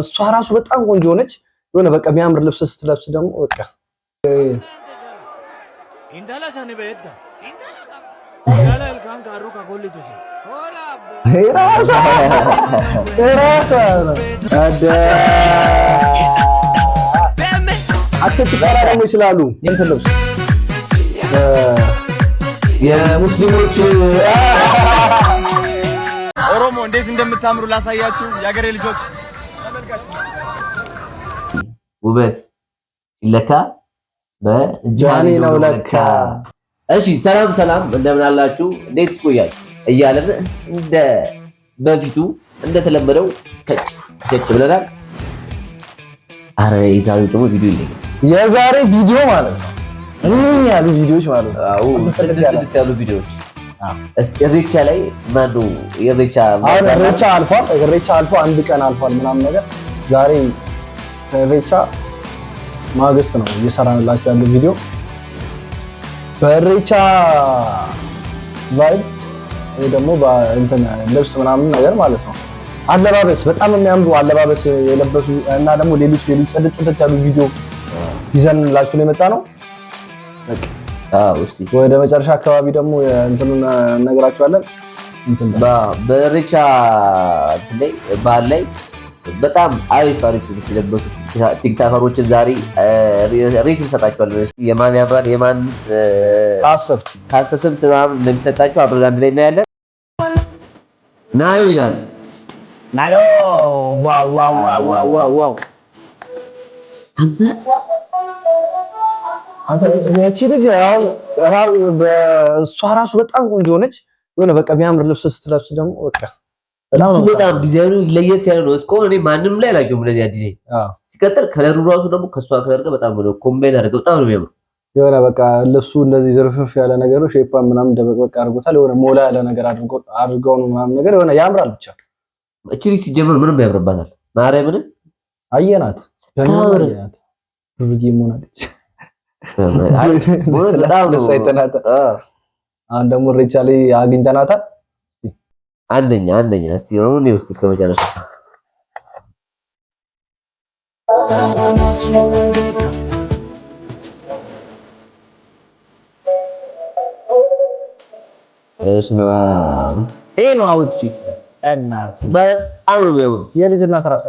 እሷ ራሱ በጣም ቆንጆ ሆነች። የሆነ በቃ የሚያምር ልብስ ስትለብስ ደግሞ በቃ አትጭቃራ ይችላሉ። ልብስ የሙስሊሞች ኦሮሞ እንዴት እንደምታምሩ ላሳያችሁ የሀገሬ ልጆች ውበት ሲለካ በጃኔ ነው ለካ። እሺ፣ ሰላም ሰላም፣ እንደምን አላችሁ? እንዴት ስቆያችሁ? እያለን እንደ በፊቱ እንደተለመደው ከጭ ከጭ ብለናል። አረ የዛሬው ደግሞ ቪዲዮ ይለኛል። የዛሬ ቪዲዮ ማለት ነው ምን ያሉ ቪዲዮዎች ማለት ነው? ስድስት ያሉ ቪዲዮዎች እሬቻ ላይ ማነው? እሬቻ አልፏል፣ እሬቻ አልፎ አንድ ቀን አልፏል ምናምን ነገር ዛሬ በሬቻ ማግስት ነው እየሰራንላችሁ ያለው ቪዲዮ። በእሬቻ ቫይብ ወይ ደግሞ ልብስ ምናምን ነገር ማለት ነው። አለባበስ በጣም የሚያምሩ አለባበስ የለበሱ እና ደግሞ ሌሎች ሌሎች ጽድት ጽድት ያሉ ቪዲዮ ይዘንላችሁ ነው የመጣ ነው። ወደ መጨረሻ አካባቢ ደግሞ እንትኑን እነግራችኋለን። በኢሬቻ በዓል ላይ በጣም አሪፍ አሪፍ ስለበሱ ቲክታከሮችን ዛሬ ሬት እንሰጣቸዋለን። የማን ያምራል የማን ከአስር ከአስር ስንት ምናምን እንደሚሰጣቸው አብረን አንድ ላይ እናያለን። ናዩ ይላል ናዩ እሷ ራሱ በጣም ቆንጆ ሆነች። የሆነ በቃ የሚያምር ልብስ ስትለብስ ደግሞ በቃ በጣም ዲዛይኑ ለየት ያለ ነው። እስካሁን እኔ ማንም ላይ አላየሁም እንደዚህ ዲዛይን። ሲቀጥል ከለሩ ራሱ ደግሞ ከእሷ ከለር ጋር በጣም ኮምባይን አድርገው በጣም ነው የሚያምሩ። የሆነ በቃ ልብሱ እንደዚህ ዝርፍፍ ያለ ነገር ነው። ሼፓ ምናምን ደበቅበቅ አድርጎታል። የሆነ ሞላ ያለ ነገር አድርገው ነው ምናምን ነገር የሆነ ያምራል። ብቻ እቺ ልጅ ሲጀምር ምንም ያምርባታል። ማርያምን አየናት ታምራት ብርጊ ሞናለች። በጣም ነው ሳይተናታ። አሁን ደግሞ ሬቻ ላይ አግኝተናታል። አንደኛ አንደኛ እስቲ ነው ነው እስቲ እስከመጨረሻ ይሄ ነው አውጥቼ እና በአውሮቤው የልጅና ተራጣ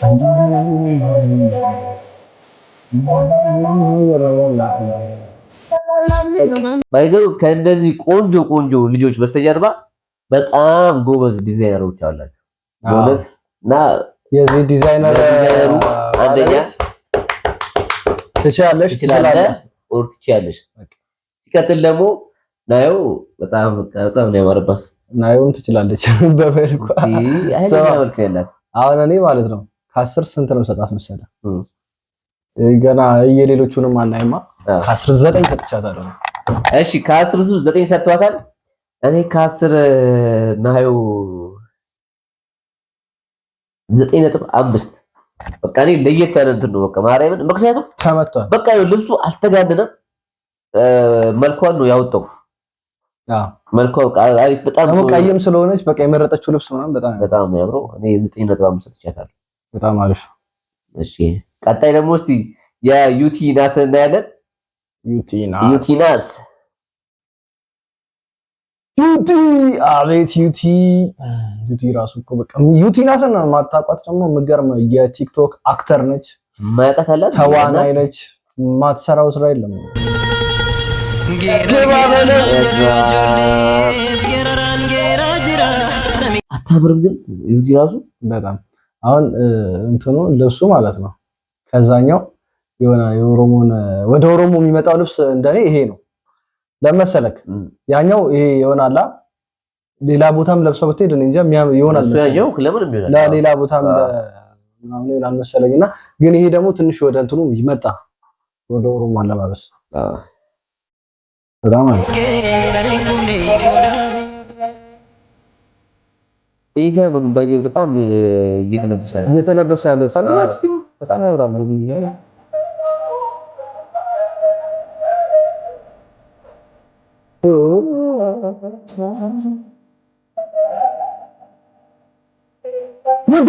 Thank you. ባይዘው ከእንደዚህ ቆንጆ ቆንጆ ልጆች በስተጀርባ በጣም ጎበዝ ዲዛይነሮች አላችሁ ማለት እና የዚህ ዲዛይነር አንደኛ ትችላለሽ ትችላለሽ ኦር ትችላለሽ። ሲቀጥል ደግሞ ናዩ በጣም በጣም ነው ያማረባት። ናዮም ትችላለች በመልኳ አሁን እኔ ማለት ነው ከአስር ስንት ነው ሰጣት መሰለህ? ገና የሌሎቹንም አናይማ ከአስር ዘጠኝ ሰጥቻታለሁ። እሺ ሰጥቷታል። እኔ ከአስር ናዩ ዘጠኝ ነጥብ አምስት በቃ እኔ ለየት ያለ እንትን ነው በቃ ማርያምን፣ ምክንያቱም ተመቷል። በቃ ልብሱ አልተጋነነም። መልኳን ነው ያወጣው። መልኳ በጣም ነው። ቀይም ስለሆነች በቃ የመረጠችው ልብስ ምናምን በጣም በጣም ነው ያምረው። እኔ ዘጠኝ ነጥብ አምስት ሰጥቻታለሁ። በጣም አሪፍ። እሺ ቀጣይ ደግሞ እስቲ የዩቲ ናስ እናያለን። ዩቲ ናስ ዩቲ አቤት ዩቲ ዩቲ ራሱ እኮ በቃ ዩቲ ማታቋት ደግሞ ምገርም የቲክቶክ አክተር ነች፣ ተዋናይ ነች። ማትሰራው ስራ የለም። አታምርም ግን ዩቲ ራሱ በጣም አሁን እንትኑ ልብሱ ማለት ነው ከዛኛው የሆነ የኦሮሞን ወደ ኦሮሞ የሚመጣው ልብስ እንደኔ ይሄ ነው። ለመሰለክ ያኛው ይሄ ይሆናላ ሌላ ቦታም ለብሰው ብትሄድ እንጃ ይሆናል ለምን ለሌላ ቦታም ምናምን ይሆናል መሰለኝ እና ግን ይሄ ደግሞ ትንሽ ወደ እንትኑ ይመጣ ወደ ኦሮሞ አለባበስ በጣም አለ። ይሄ በጣም እየተለበሰ ያለ በጣም ያምራል። ሙዲ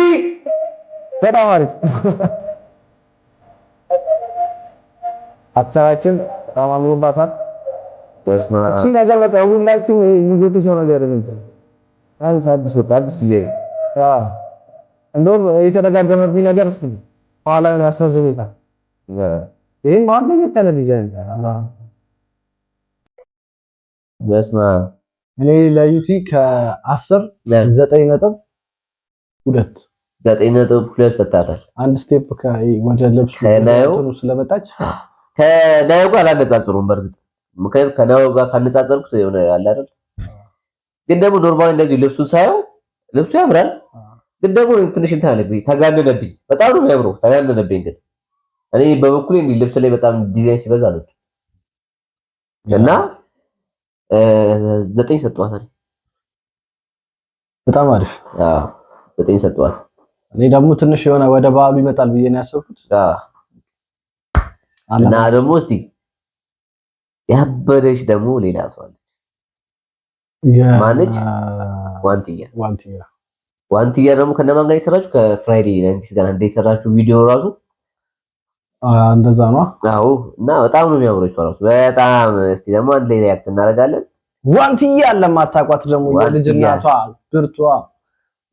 በጣም አሪፍ አቻችን አማምሩባታል። እሺ ነገር በቃ ሁላችሁ ልጆች ሆነ አዲስ ጊዜ እንደውም የተደጋገመብኝ ነገር ኋላ ያሳዝነኛል። ይህን ማድረግ የተለ በስማ እኔ ለዩቲ ከአስር ዘጠኝ ነጥብ ሁለት ዘጠኝ ነጥብ ሁለት ሰጣታል። አንድ ስቴፕ ወደ ልብሱ ስለመጣች ከናዮ ጋር አላነጻጽሩም። በእርግጥ ምክንያቱም ከናዮ ጋር ካነጻጸርኩት የሆነ ያለ ግን ደግሞ ኖርማል እንደዚህ ልብሱን ሳየው ልብሱ ያምራል። ግን ደግሞ ትንሽ እንትን አለብኝ፣ ተጋነነብኝ። በጣም ነው የሚያምረው፣ ተጋነነብኝ። ግን እኔ በበኩሌ ልብስ ላይ በጣም ዲዛይን ሲበዛ ነው እና ዘጠኝ ሰጥቷታል። በጣም አሪፍ ዘጠኝ ሰጠዋት። እኔ ደግሞ ትንሽ የሆነ ወደ በዓሉ ይመጣል ብዬ ነው ያሰብኩት እና ደግሞ እስቲ ያበደች ደግሞ ሌላ ሰው አለች። ማነች? ዋንትያ ዋንትያ ዋንትያ ደግሞ ከነማን ጋር የሰራችሁ ከፍራይዴ ናይንቲስ ጋር እንደ የሰራችሁ ቪዲዮ ራሱ እንደዛ ነው። አዎ። እና በጣም ነው የሚያምረው ራሱ በጣም እስቲ ደግሞ አንድ ላይ ሪያክት እናደርጋለን። ዋንትዬ አለ ማታቋት ደግሞ የልጅናቷ ብርቷ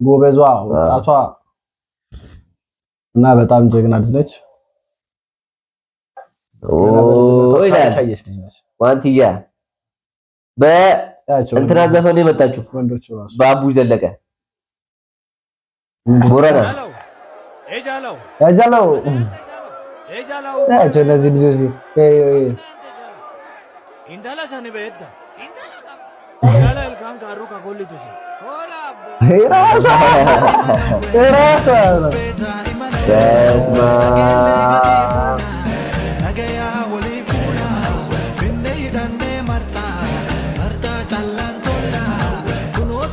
ጎበዟ ወጣቷ እና በጣም ጀግና ልጅ ነች። ዋንትያ በእንትና ዘፈን የመጣችው በአቡ ዘለቀ ቦረና ናቸው እነዚህ ልጆች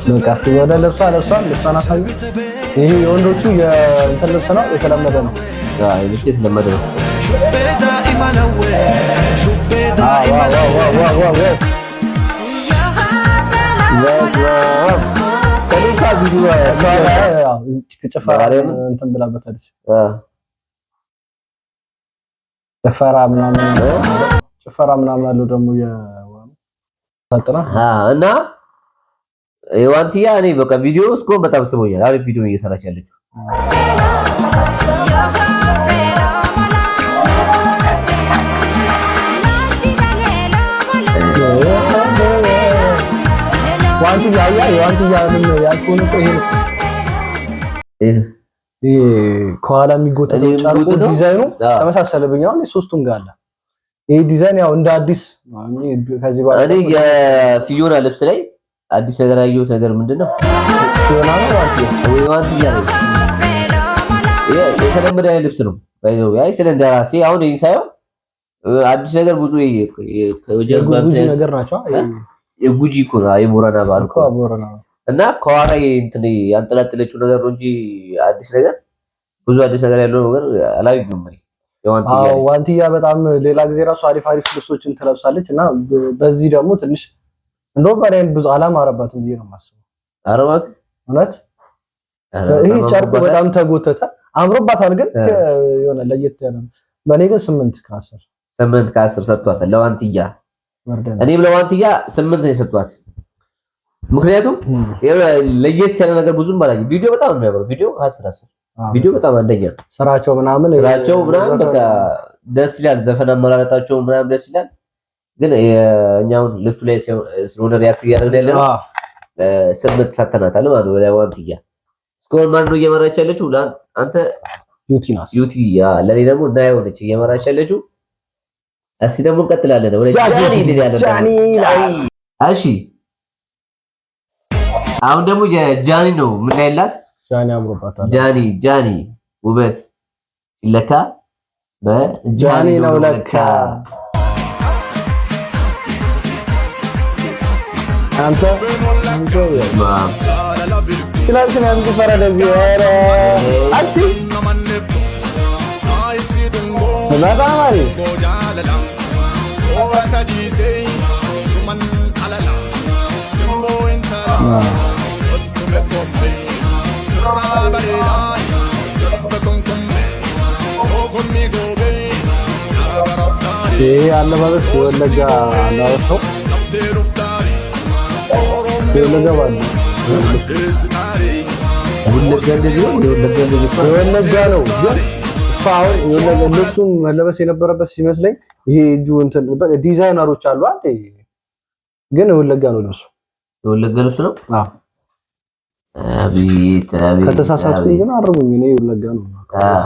በቃ እስኪ ወደ ልብሷ ልብሷን ልብሷን አሳዩ። ይህ የወንዶቹ የእንትን ልብስ ነው፣ የተለመደ ነው። አይነት የተለመደ ነው። ጭፈራ ምናምን አለው ደግሞ እና የዋንትያ እኔ በቃ ቪዲዮ እስኮን በጣም ስቦኛል። አሪፍ ቪዲዮ እየሰራች ያለችው ዋንትያ ያ የዋንትያ ምን ያልኩን እኮ ይሄ ይሄ ከኋላ የሚጎተተው ጫርቁ ዲዛይኑ ተመሳሰለብኝ። አሁን የሶስቱም ጋር አለ። ይሄ ዲዛይን ያው እንደ አዲስ ከዚህ በኋላ እኔ የፊዮና ልብስ ላይ አዲስ ነገር ያየሁት ነገር ምንድን ነው? ፊዮና ነው ዋንትያ ወይ ዋንትያ ነው? ልብስ ነው ባይዘው ያይ ስለ እንደራሴ አሁን ይሄን አዲስ ነገር ብዙ ነገር ናቸው የጉጂ እኮ ነው የቦረና ባህል እና ከኋላ እንትን ያንጠላጥለችው ነገር ነው እንጂ አዲስ ነገር ብዙ አዲስ ነገር ያለው ነገር አላየሁም። ዋንትያ በጣም ሌላ ጊዜ ራሱ አሪፍ አሪፍ ልብሶችን ትለብሳለች እና በዚህ ደግሞ ትንሽ እንደውም በላይም ብዙ አላማ አላማረባትም ብዬ ነው የማስበው። አረባት እውነት ይህ ጨርቁ በጣም ተጎተተ። አምሮባታል ግን የሆነ ለየት ያለ በእኔ ግን ስምንት ከአስር ስምንት ከአስር ሰጥቷታል ለዋንትያ እኔም ለዋንትያ ስምንት ነው የሰጧት። ምክንያቱም ለየት ያለ ነገር ብዙም ባላ ቪዲዮ በጣም ነው የሚያምረው ቪዲዮ አስር አስር ቪዲዮ በጣም አንደኛ ስራቸው ምናምን ስራቸው ምናምን በቃ ደስ ይላል። ዘፈን አመራረጣቸው ምናምን ደስ ይላል። ግን እኛውን ልፍ ላይ ስለሆነ ሪያክት እያደረግን ያለ ነው። ስምንት ሳተናታል ማለት ነው ለዋንትያ ስኮር ማን ነው እየመራች ያለችው? አንተ ዩቲ ዩቲ። ለእኔ ደግሞ እና የሆነች እየመራች ያለችው እስቲ ደግሞ እንቀጥላለን። ወደ እሺ፣ አሁን ደግሞ የጃኒ ነው የምናይላት። ጃኒ አምሮባታል። ጃኒ ጃኒ ውበት ሲለካ በጃኒ ነው ለካ። አንተ ስለዚህ ነው ፈረደ አንቺ What did he say? Suman alala, sumbo intala, ottume komme, surra baredai, sabba kunkumme, ogummi gobe, nagaraftari. ይህ አለባበስ የወለጋ አለባበስ ነው። የወለጋ ባለ ወለጋ እንደዚህ ነው። የወለጋ እንደዚህ ነው። የወለጋ ነው ግን እሱ አሁን የወለጋ ልብሱን መለበስ የነበረበት ሲመስለኝ ይሄ እጁ እንትን ዲዛይነሮች አሉ አንተ ግን ወለጋ ነው ልብሱ። የወለጋ ልብስ ነው። አዎ አቤት አቤት። ከተሳሳትኩኝ ግን አርሙኝ። እኔ ወለጋ ነው። አዎ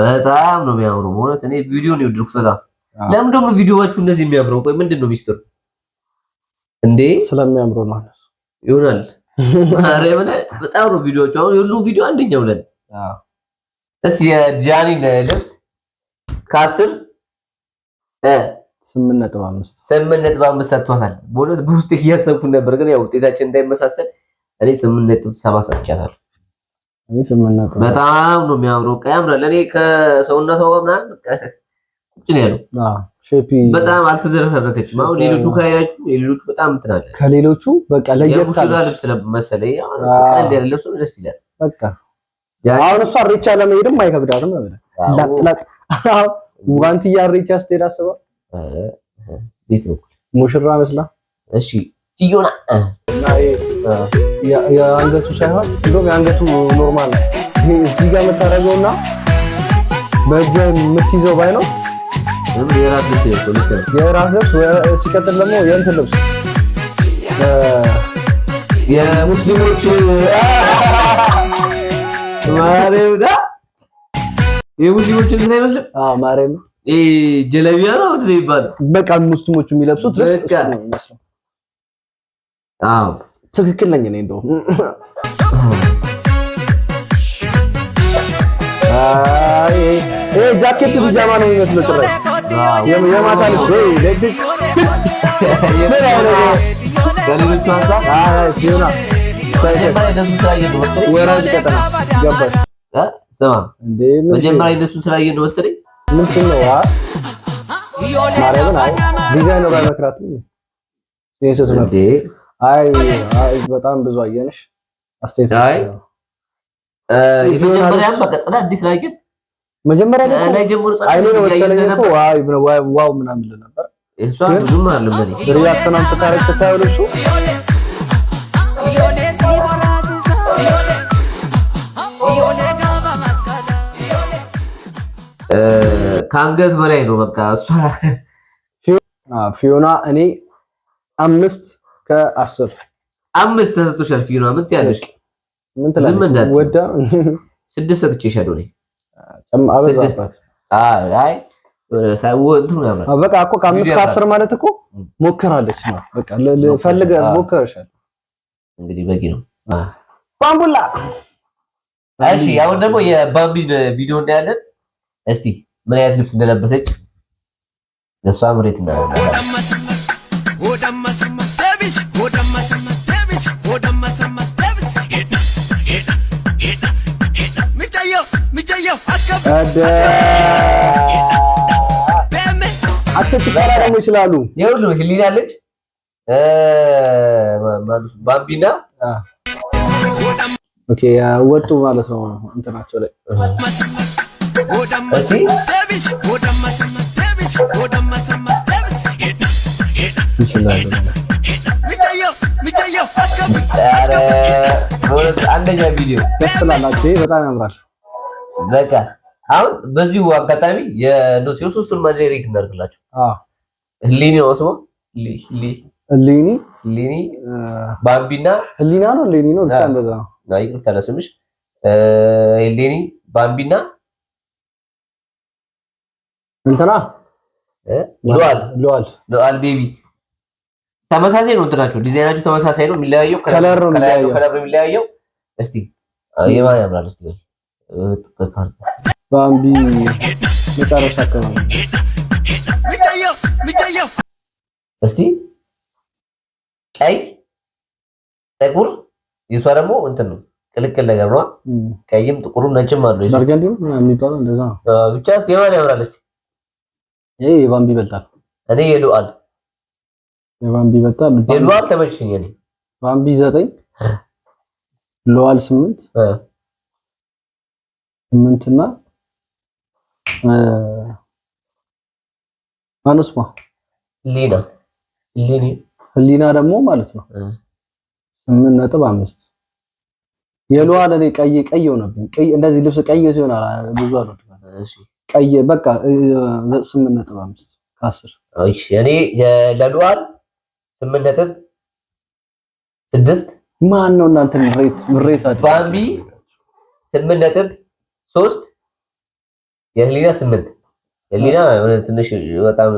በጣም ነው የሚያምሩ። ማለት እኔ ቪዲዮ ነው የወደድኩት በጣም። ለምን ደግሞ ቪዲዮዎቹ እነዚህ የሚያምረው? ቆይ ምንድን ነው ሚስጥሩ እንዴ? ስለሚያምሩ ነው ይሆናል። ማርያም በጣም ነው ቪዲዮዎቹ። አሁን የሁሉም ቪዲዮ አንደኛ ብለን እስኪ የጃኒን ልብስ ከአስር ስምንት ነጥብ አምስት ስምንት ነጥብ አምስት ሰጥቷታል። በእውነት በውስጤ እያሰብኩ ነበር፣ ግን ያው ውጤታችን እንዳይመሳሰል እኔ ስምንት ነጥብ ሰባ ሰጥቻታል። በጣም ነው የሚያምረው፣ ያምራል። እኔ ከሰውነቷ ምናምን ቁጭ ነው ያለው። በጣም አልተዘረከረከችም። አሁን ሌሎቹ ካያችሁ ሌሎቹ በጣም ትናለ ከሌሎቹ በቃ ለየት ልብስ መሰለ ቀል ያለ ልብስ ደስ ይላል። በቃ አሁን እሷ ሬቻ ለመሄድም አይከብዳትም። ለጥለጥ ዋንቲ ያሬቻ ስትሄድ አስባ ቤት ነው ሙሽራ መስላ እሺ ትዮና የአንገቱ ሳይሆን እንደውም የአንገቱ ኖርማል ነው። ይሄ እዚህ ጋር የምታደርገውና በእጅ የምትይዘው ባይ ነው የራስ ልብስ፣ ሲቀጥል ደግሞ የእንትን ልብስ የሙስሊሞች ማሬውዳ የሙስሊሞች እንትን አይመስልም? አዎ ማርያም ጀለቢያ ነው እንዴ ይባላል። በቃ ሙስሊሞቹ የሚለብሱት ልብስ ነው የሚመስለው። አዎ ትክክል ነኝ እኔ እንደውም ጃኬት ቢጃማ ነው የሚመስለው። ጭራሽ የማታ ልብስ ወይ ወራጅ ቀጠና ገባሽ ስማ መጀመሪያ እነሱን ስላየህ ነው መሰለኝ። ምንድን ነው ዲዛይን ነው ባይመክራት በጣም ብዙ አየንሽ። የመጀመሪያም በቃ ጽዳት አዲስ ላይ ግን መጀመሪያ ላይ ጀምሮ ዋው ምናምን ነበር። ብዙም ከአንገት በላይ ነው። በቃ እሷ ፊዮና እኔ አምስት ከአስር አምስት ተሰጥቶሻል። ፊዮና ምን ትያለሽ? ምን ትላለሽ? ወዳ ስድስት ሰጥቼሻለሁ እኔ ስድስት። አይ በቃ እኮ ከአምስት ከአስር ማለት እኮ ሞከራለች ነው። በቃ ፈልገ ሞክረሻል። እንግዲህ በቂ ነው። ባምቡላ እሺ፣ አሁን ደግሞ የባምቢን ቪዲዮ እንዳያለን እስቲ ምን አይነት ልብስ እንደለበሰች ለሷ ምሬት እናደርጋለን። ይችላሉ። ይኸውልህ ህሊና አለች ባምቢና ወጡ ማለት ነው እንትናቸው ላይ አንደኛ ቪዲዮ ደስ ብላላችሁ። በጣም ያምራል። በቃ አሁን በዚሁ አጋጣሚ የዶሴ ሶስቱን ማጀሪክ እናድርግላችሁ። ህሊኒ ነው ስሞ ህሊኒ ህሊኒ ባምቢና ህሊና ነው ህሊኒ ነው ብቻ እንደዛ ነው። ይቅርታ ለስምሽ ህሊኒ ባምቢና እንትና ሉዋል ሉዋል ሉዋል ቤቢ ተመሳሳይ ነው። እንትናቸው ዲዛይናቸው ተመሳሳይ ነው። የሚለያየው ከለር ነው ከለር የሚለያየው። እስቲ የማን ያምራል? እስቲ ባምቢ መጨረሻ አካባቢ እስቲ ቀይ ጥቁር፣ የሷ ደግሞ እንትን ነው ቅልቅል ነገር ነው። ቀይም ጥቁሩም ነጭም አሉ። በርገንዲ ነው የሚባለው እንደዛ ብቻ። እስቲ የማን ያምራል? እስቲ ይሄ የባምቢ ይበልጣል። እኔ የሉአል የባምቢ ይበልጣል። የሉአል ተመችቶኝ እኔ ባምቢ ዘጠኝ ሉአል ስምንት ስምንት እና ማነስማ ሊና ሊኒ ህሊና ደግሞ ማለት ነው ስምንት ነጥብ አምስት የሉአል እኔ ቀይ ቀይ ሆነብኝ። ቀይ እንደዚህ ልብስ ቀይ ሲሆን ብዙ አሉት። እሺ ቀይ በቃ ስምንት ነጥብ አምስት ከአስር እሺ። እኔ ለሉዓል ስምንት ነጥብ ስድስት ማን ነው እናንተ ምሬት ምሬት ባምቢ ስምንት ነጥብ ሶስት የህሊና ስምንት የህሊና የሆነ ትንሽ በጣም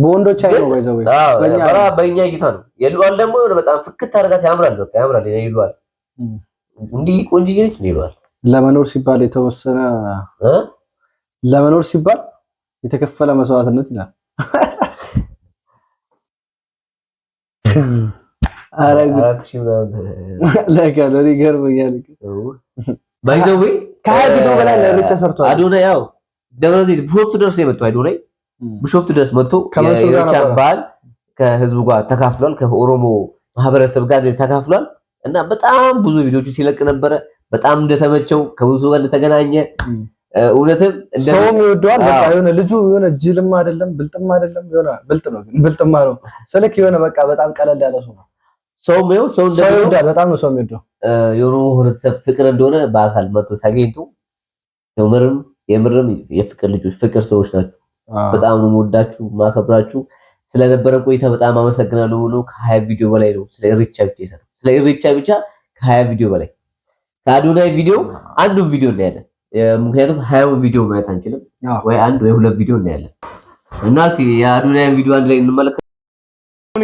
በወንዶች አይ ነው ባይዘው በእኛ እይታ ነው። የሉዓል ደግሞ በጣም ፍክት አድርጋት ያምራል። በቃ ያምራል እንዲህ ቆንጅዬ ነች ይሏል። ለመኖር ሲባል የተወሰነ ለመኖር ሲባል የተከፈለ መስዋዕትነት ይላል። ባይዘዌ በላይ ለሩጫ ከህዝቡ ጋር ተካፍሏል። ከኦሮሞ ማህበረሰብ ጋር ተካፍሏል። እና በጣም ብዙ ቪዲዮዎች ሲለቅ ነበረ። በጣም እንደተመቸው ከብዙ ጋር እንደተገናኘ እውነትም ሰውም ይወደዋል። በቃ የሆነ ልጁ የሆነ ጅልም አይደለም ብልጥም አይደለም የሆነ ብልጥ ነው ግን ብልጥማ ነው ስልክ የሆነ በቃ በጣም ቀለል ያለ ሰው ነው። ሰውም ይኸው ሰው ይወዳል። በጣም ነው ሰው የሚወደው የኦሮሞ ህብረተሰብ ፍቅር እንደሆነ በአካል መጥቶ ታገኝቶ የምርም የምርም የፍቅር ልጆች ፍቅር ሰዎች ናቸው። በጣም ነው የምወዳችሁ ማከብራችሁ ስለነበረ ቆይታ በጣም አመሰግናለሁ ብሎ ከሀያ ቪዲዮ በላይ ነው ስለ ኢሬቻ ብቻ የሰራው። ስለ ኢሬቻ ብቻ ከሀያ ቪዲዮ በላይ ከአዶናይ ቪዲዮ አንዱ ቪዲዮ እናያለን። ምክንያቱም ሀያውን ቪዲዮ ማየት አንችልም፣ ወይ አንድ ወይ ሁለት ቪዲዮ እናያለን እና የአዶናይ ቪዲዮ አንድ ላይ እንመለከት።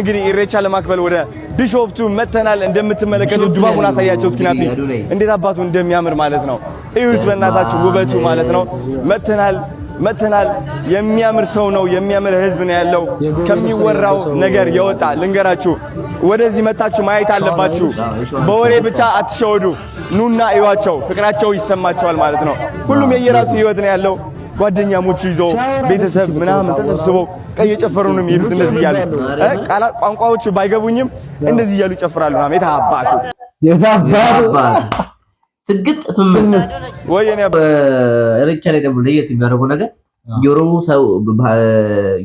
ግን ኢሬቻ ለማክበል ወደ ቢሾፍቱ መተናል። እንደምትመለከቱ ድባቡን አሳያቸው እስኪናት እንዴት አባቱ እንደሚያምር ማለት ነው። እዩት በእናታችሁ ውበቱ ማለት ነው። መተናል መጥተናል። የሚያምር ሰው ነው፣ የሚያምር ህዝብ ነው ያለው። ከሚወራው ነገር የወጣ ልንገራችሁ፣ ወደዚህ መታችሁ ማየት አለባችሁ። በወሬ ብቻ አትሸወዱ። ኑና እዩዋቸው፣ ፍቅራቸው ይሰማቸዋል ማለት ነው። ሁሉም የየራሱ ህይወት ነው ያለው። ጓደኛሞቹ ይዞ ቤተሰብ ምናምን ተሰብስበው እየጨፈሩንም ይሄዱት እንደዚህ እያሉ ቃላት ቋንቋዎቹ ባይገቡኝም እንደዚህ እያሉ ይጨፍራሉ። ምናምን የታባቱ የታባቱ ስግጥ ፍምስ ወየኔ ኢሬቻ ላይ ደግሞ ለየት የሚያደርገው ነገር የኦሮሞ ሰው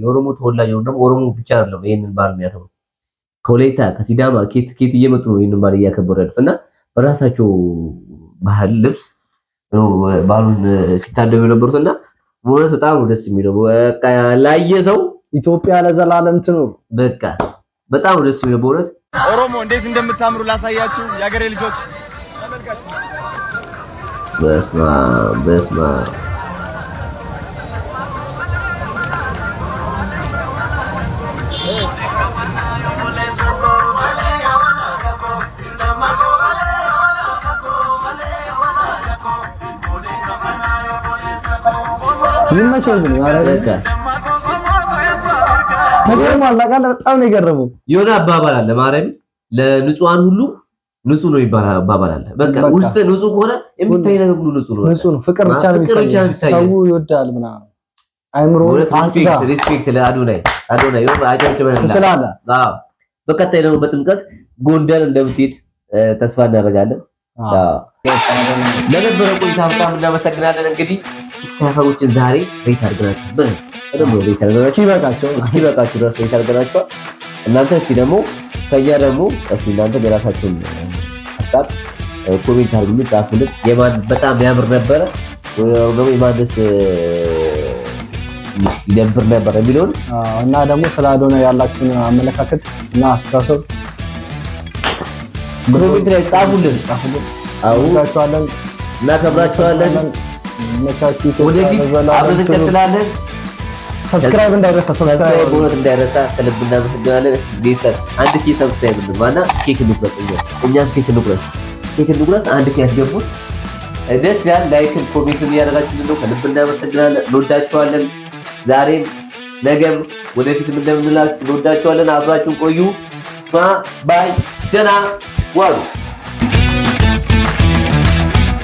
የኦሮሞ ተወላጅ ነው። ደግሞ ኦሮሞ ብቻ አይደለም ይሄንን ባህል የሚያከብሩ ከወላይታ ከሲዳማ ኬት ኬት እየመጡ ነው ይሄንን ባህል እያከበሩ ያሉት እና በራሳቸው ባህል ልብስ ነው ባህሉን ሲታደሙ የነበሩት እና በጣም ደስ የሚለው በቃ ላየ ሰው ኢትዮጵያ ለዘላለም ትኑር። በቃ በጣም ደስ የሚለው በእውነት ኦሮሞ እንዴት እንደምታምሩ ላሳያችሁ የአገሬ ልጆች በስማ በስማ ይመቸው ግን ያረጋ ተገርሟል። በጣም ነው የገረመው። የሆነ አባባል አለ ማርያም ለንጹሃን ሁሉ ንጹህ ነው ይባባላል። በቃ ውስጥ ንጹህ ከሆነ የሚታይ ነገር ሁሉ ንጹህ ነው፣ ንጹህ ነው። ፍቅር ብቻ ነው የሚታየው። ሰው ይወዳል ምናምን አይምሮ ሪስፔክት ሪስፔክት ለአዶናይ አዶናይ ይሁን አጨብጭበናል ስላላ። አዎ በቀጣይ ደግሞ በጥምቀት ጎንደር እንደምትሄድ ተስፋ እናደርጋለን። ለነበረ ቆይታ በጣም እናመሰግናለን። እንግዲህ ቲክቶከሮችን ዛሬ ሬት አድርገናል። በደንብ ወደ ቤት ያደረጋቸው። ይበቃቸው እስኪበቃቸው ድረስ ቤት እናንተ እስኪ ደግሞ ከኛ ደግሞ እስኪ እናንተ የራሳችሁን ሀሳብ ኮሜንት አድርጉልን፣ ጻፉልን። የማን በጣም ያምር ነበረ ደግሞ የማንስ ይደብር ነበር የሚለውን እና ደግሞ ስለ አዶናይ ያላችሁን አመለካከት እና አስተሳሰብ ኮሜንት ላይ ጻፉልን። እናከብራችኋለን። ወደፊት አብረን እንቀጥላለን። ሰብስክራይብ እንዳይረሳ፣ ሰብስክራይብ በእውነት እንዳይረሳ። ከልብ እናመሰግናለን። እስቲ ቤተሰብ አንድ ኬ ሰብስክራይብ እንማና ኬክ እንቁረስ፣ እኛም ኬክ እንቁረስ፣ ኬክ እንቁረስ። አንድ ኬ ያስገቡት ደስ ይላል። ላይክን ኮሜንትን እያደረጋችሁ ነው። ከልብ እናመሰግናለን። እንወዳችኋለን። ዛሬም ነገም ወደፊት እንደምንላችሁ እንወዳችኋለን። አብራችሁን ቆዩ። ባይ ደና ዋሉ።